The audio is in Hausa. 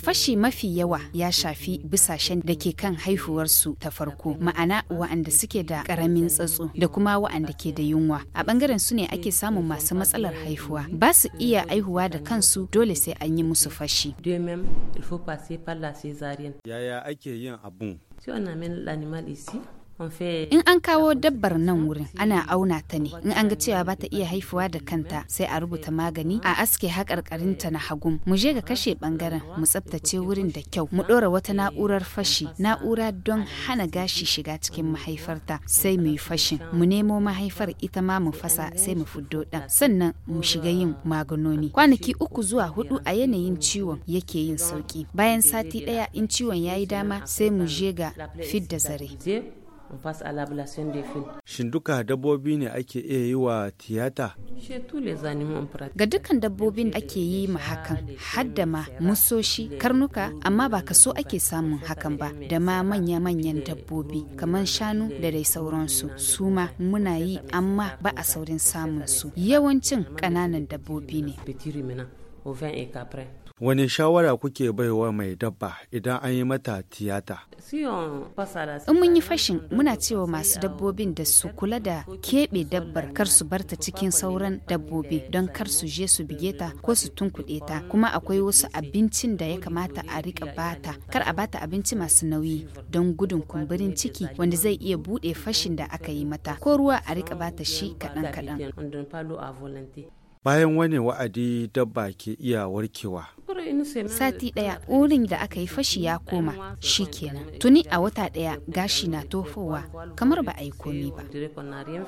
Fashi mafi yawa ya shafi bisashen da ke kan haihuwarsu ta farko, ma'ana wa'anda suke da karamin tsatso da kuma wa'anda ke da yunwa. A bangaren su ne ake samun masu matsalar haihuwa. Ba su iya haihuwa da kansu dole sai an yi musu fashi. Yaya ake yin abun? In an kawo dabbar nan wurin ana auna ta ne in an ga cewa ba ta iya haifuwa da kanta sai a rubuta magani a aske haƙarƙarinta na hagun. mu je ga kashe ɓangaren mu tsaftace wurin da kyau mu ɗora wata na'urar fashi na'ura don hana gashi shiga cikin mahaifarta sai mu yi fashin mu nemo mahaifar ita ma mu fasa sai mu fuddo ɗan sannan mu shiga yin maganoni kwanaki uku zuwa hudu a yanayin ciwon yake yin sauki bayan sati ɗaya in ciwon ya yi dama sai mu je ga fidda zare. face à l'ablation des fils. Shin duka dabbobi ne ake iya yi wa tiyata? Ga dukkan dabbobin ake yi ma hakan, hadda ma musoshi, karnuka, amma ba so ake samun hakan ba, da ma manya-manyan dabbobi kamar shanu da dai sauransu. Su ma muna yi amma ba a saurin samun su. Yawancin ƙananan dabbobi ne. Wani shawara kuke baiwa mai dabba idan an yi mata tiyata? In mun yi fashin muna cewa masu dabbobin da su kula da keɓe dabbar kar su barta cikin sauran dabbobi don kar su je su bige ta ko su tunkuɗe ta kuma akwai wasu abincin da ya kamata a riƙa bata kar a bata abinci masu nauyi don gudun kumburin ciki wanda zai iya buɗe fashin da aka yi mata ko ruwa a rika bata shi kaɗan-kaɗan. Bayan wani wa'adi dabba ke iya warkewa. Sati ɗaya wurin da aka yi fashi ya koma shi kenan. Tuni a wata ɗaya gashi na tofowa kamar ba a yi komi ba.